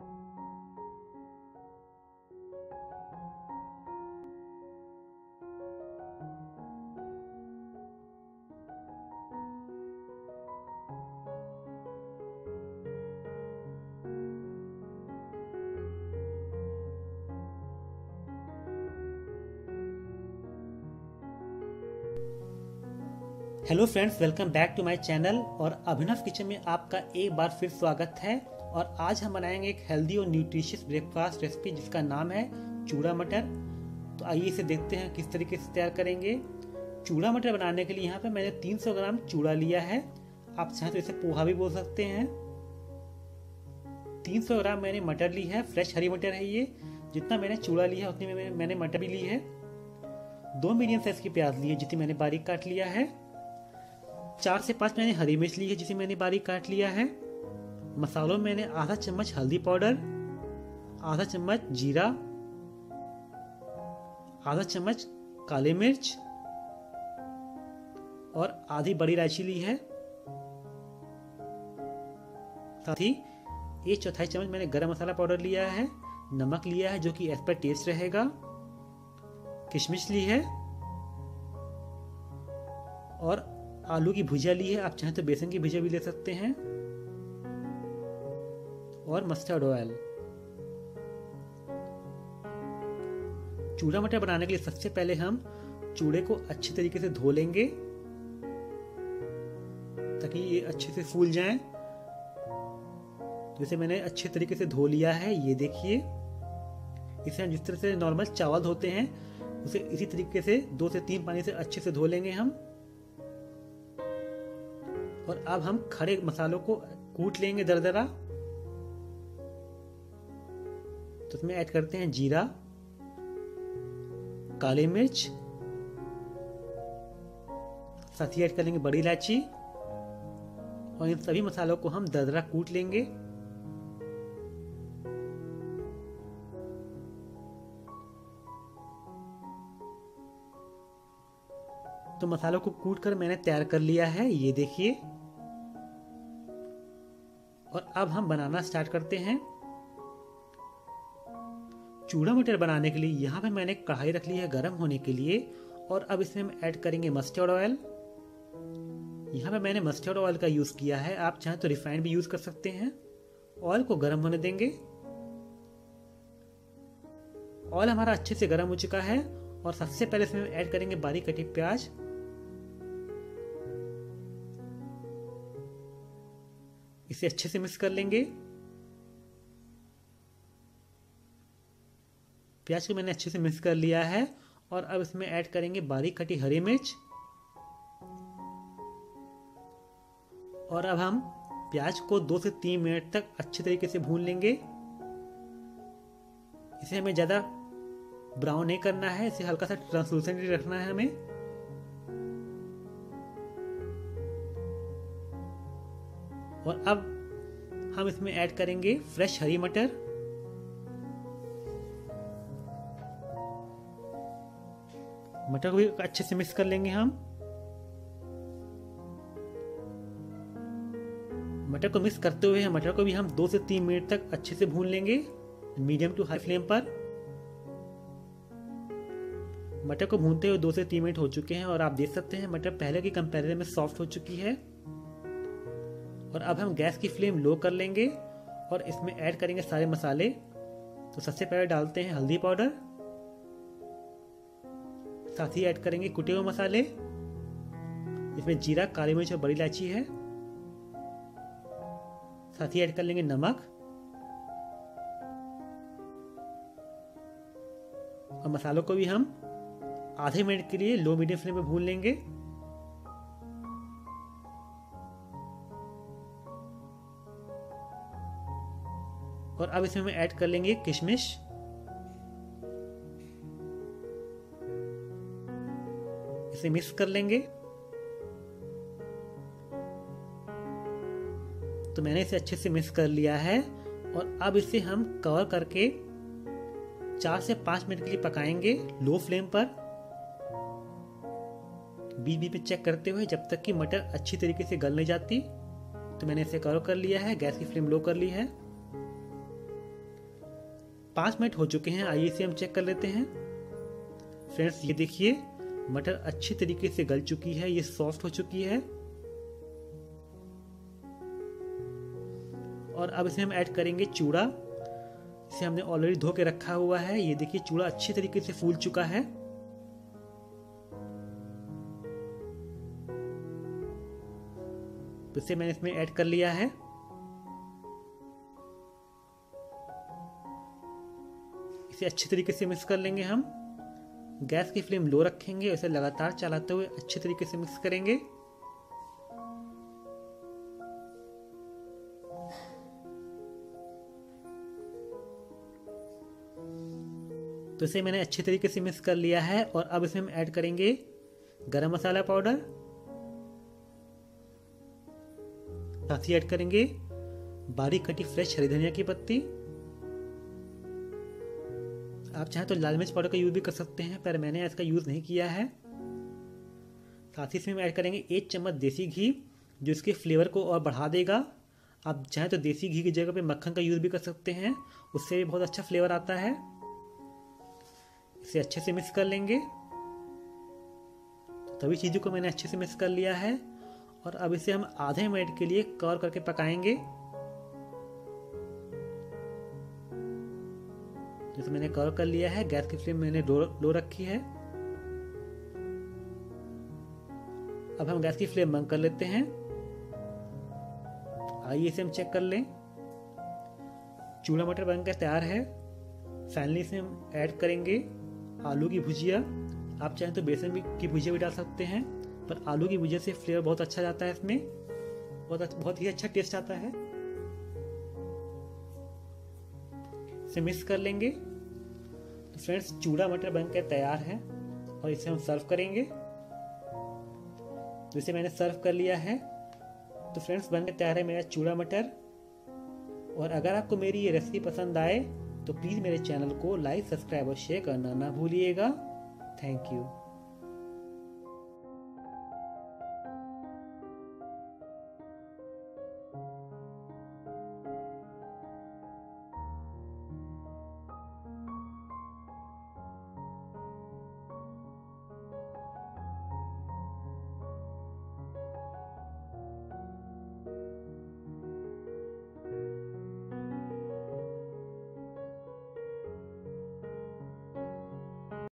you. Hello friends welcome back to my channel और Abhinav kitchen में आपका एक बार फिर स्वागत है और आज हम बनाएंगे एक हेल्दी और न्यूट्रिशियस ब्रेकफास्ट रेसिपी जिसका नाम है चूड़ा मटर तो आइए इसे देखते हैं किस तरीके से तैयार करेंगे चूड़ा मटर बनाने के लिए यहाँ पर मैंने 300 ग्राम चूड़ा लिया है आप चाहें तो इसे पोहा भी बोल सकते हैं तीन ग्राम मैंने मटर ली है फ्रेश हरी मटर है ये जितना मैंने चूड़ा लिया है उतनी मैंने मटर भी ली है दो मीडियम साइज की प्याज ली है जितनी मैंने बारीक काट लिया है चार से पाँच मैंने हरी मिर्च ली है जिसे मैंने बारीक काट लिया है मसालों में मैंने आधा चम्मच हल्दी पाउडर आधा चम्मच जीरा आधा चम्मच काली मिर्च और आधी बड़ी इलायची ली है साथ ही एक चौथाई चम्मच मैंने गरम मसाला पाउडर लिया है नमक लिया है जो कि एज पर टेस्ट रहेगा किशमिश ली है और आलू की भुजिया ली है आप चाहें तो बेसन की भुजिया भी ले सकते हैं और मस्टर्ड ऑयल चूड़ा मटर बनाने के लिए सबसे पहले हम चूड़े को अच्छे तरीके से धो लेंगे ताकि ये अच्छे से फूल जाए जैसे मैंने अच्छे तरीके से धो लिया है ये देखिए इसे हम जिस तरह से नॉर्मल चावल धोते हैं उसे इसी तरीके से दो से तीन पानी से अच्छे से धो लेंगे हम और अब हम खड़े मसालों को कूट लेंगे दरदरा तो इसमें ऐड करते हैं जीरा काली मिर्च साथ ही ऐड करेंगे बड़ी इलायची और इन सभी मसालों को हम दरदरा कूट लेंगे तो मसालों को कूट कर मैंने तैयार कर लिया है ये देखिए और अब हम बनाना स्टार्ट करते हैं चूड़ा मटर बनाने के लिए यहाँ पे मैंने कढ़ाई रख ली है गर्म होने के लिए और अब इसमें हम ऐड करेंगे मस्टर्ड ऑयल यहाँ पे मैंने मस्टर्ड ऑयल का यूज़ किया है आप चाहें तो रिफाइंड भी यूज़ कर सकते हैं ऑयल को गर्म होने देंगे ऑयल हमारा अच्छे से गर्म हो चुका है और सबसे पहले इसमें ऐड करेंगे बारीक कटी प्याज इसे अच्छे से मिक्स कर लेंगे प्याज को मैंने अच्छे से मिक्स कर लिया है और अब इसमें ऐड करेंगे बारीक कटी हरी मिर्च और अब हम प्याज को दो से तीन मिनट तक अच्छे तरीके से भून लेंगे इसे हमें ज़्यादा ब्राउन नहीं करना है इसे हल्का सा ट्रांसलूसेंट रखना है हमें और अब हम इसमें ऐड करेंगे फ्रेश हरी मटर मटर को भी अच्छे से मिक्स कर लेंगे हम मटर को मिक्स करते हुए मटर को भी हम दो से तीन मिनट तक अच्छे से भून लेंगे मीडियम टू हाई फ्लेम पर मटर को भूनते हुए दो से तीन मिनट हो चुके हैं और आप देख सकते हैं मटर पहले की कंपेरिजन में सॉफ्ट हो चुकी है और अब हम गैस की फ्लेम लो कर लेंगे और इसमें ऐड करेंगे सारे मसाले तो सबसे पहले डालते हैं हल्दी पाउडर साथ ही ऐड करेंगे कुटे हुए मसाले इसमें जीरा काली मिर्च और बड़ी इलायची है साथ ही ऐड कर लेंगे नमक और मसालों को भी हम आधे मिनट के लिए लो मीडियम फ्लेम पे भून लेंगे और अब इसमें हम ऐड कर लेंगे किशमिश इसे मिक्स कर लेंगे तो मैंने इसे अच्छे से मिक्स कर लिया है और अब इसे हम कवर करके चार से पांच मिनट के लिए पकाएंगे लो फ्लेम पर बीच बीच में चेक करते हुए जब तक कि मटर अच्छी तरीके से गल नहीं जाती तो मैंने इसे कवर कर लिया है गैस की फ्लेम लो कर ली है पाँच मिनट हो चुके हैं आइए इसे हम चेक कर लेते हैं फ्रेंड्स ये देखिए मटर अच्छे तरीके से गल चुकी है ये सॉफ्ट हो चुकी है और अब इसे हम ऐड करेंगे चूड़ा इसे हमने ऑलरेडी धो के रखा हुआ है ये देखिए चूड़ा अच्छे तरीके से फूल चुका है तो इसे मैंने इसमें ऐड कर लिया है इसे अच्छी तरीके से मिक्स कर लेंगे हम गैस की फ्लेम लो रखेंगे इसे लगातार चलाते हुए अच्छे तरीके से मिक्स करेंगे तो इसे मैंने अच्छे तरीके से मिक्स कर लिया है और अब इसमें हम ऐड करेंगे गरम मसाला पाउडर साथ ही ऐड करेंगे बारीक कटी फ्रेश हरी धनिया की पत्ती आप चाहें तो लाल मिर्च पाउडर का यूज़ भी कर सकते हैं पर मैंने इसका यूज़ नहीं किया है साथ ही इसमें ऐड करेंगे एक चम्मच देसी घी जो इसके फ्लेवर को और बढ़ा देगा आप चाहें तो देसी घी की जगह पे मक्खन का यूज़ भी कर सकते हैं उससे भी बहुत अच्छा फ्लेवर आता है इसे अच्छे से मिक्स कर लेंगे तो तभी चीज़ों को मैंने अच्छे से मिक्स कर लिया है और अब इसे हम आधे मिनट के लिए कवर करके पकाएंगे जैसे मैंने कवर कर लिया है गैस की फ्लेम मैंने लो रखी है अब हम गैस की फ्लेम बंद कर लेते हैं आइए इसे हम चेक कर लें चूल्हा मटर बनकर तैयार है फाइनली इसमें हम ऐड करेंगे आलू की भुजिया आप चाहें तो बेसन भी की भुजिया भी डाल सकते हैं पर आलू की भुजिया से फ्लेवर बहुत अच्छा जाता है इसमें बहुत अच्छा, बहुत ही अच्छा टेस्ट आता है इसे मिक्स कर लेंगे तो फ्रेंड्स चूड़ा मटर बनकर तैयार है और इसे हम सर्व करेंगे तो इसे मैंने सर्व कर लिया है तो फ्रेंड्स बनकर तैयार है मेरा चूड़ा मटर और अगर आपको मेरी ये रेसिपी पसंद आए तो प्लीज़ मेरे चैनल को लाइक सब्सक्राइब और शेयर करना ना भूलिएगा थैंक यू